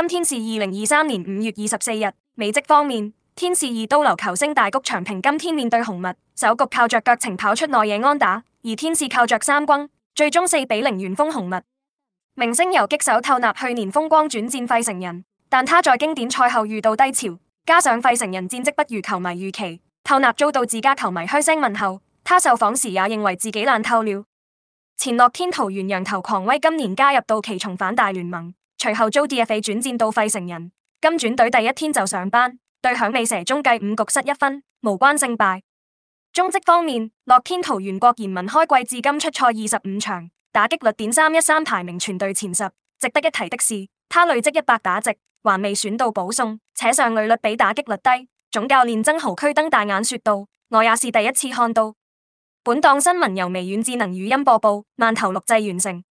今天是二零二三年五月二十四日。美職方面，天使二刀流球星大谷翔平今天面對紅襪，首局靠着腳程跑出內野安打，而天使靠着三轟，最終四比零完封紅襪。明星游擊手透納去年風光轉戰費城人，但他在經典賽後遇到低潮，加上費城人戰績不如球迷預期，透納遭到自家球迷噓聲問候。他受訪時也認為自己爛透了。前樂天桃猿洋投狂威，今年加入道奇重返大聯盟。隨後遭 DFA 轉戰到費城人，今轉隊第一天就上班，對響尾蛇中繼五局失一分，無關勝敗。中職方面，樂天桃園國賢文開季至今出賽二十五場，打擊率點三一三，排名全隊前十。值得一提的是，他累積一百打席，還未選到保送，且上壘率比打擊率低。總教練曾豪駒瞪大眼說道：我也是第一次看到。本檔新聞由微軟智能語音播報，饅頭錄製完成。